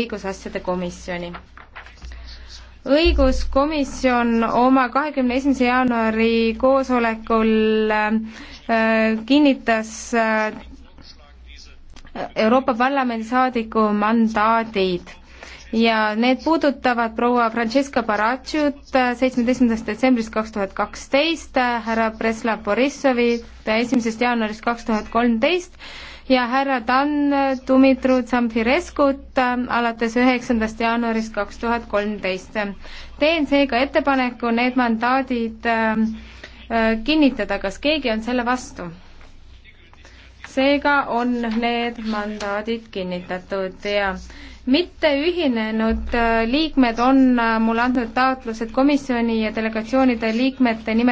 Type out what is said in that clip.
õigusasjade komisjoni. õiguskomisjon oma kahekümne esimese jaanuari koosolekul äh, kinnitas äh, Euroopa Parlamendi saadiku mandaadid ja need puudutavad proua Francesca Baracciut äh, seitsmeteistkümnendast detsembrist kaks tuhat kaksteist, äh, härra Preslav Borissovit esimesest jaanuarist kaks tuhat kolmteist ja härra Dan äh, Dumitru Zamfireskut alates üheksandast jaanuarist kaks tuhat kolmteist. teen seega ettepaneku need mandaadid kinnitada, kas keegi on selle vastu? seega on need mandaadid kinnitatud ja mitteühinenud äh, liikmed on äh, mulle andnud taotluse, et komisjoni ja delegatsioonide liikmete nimed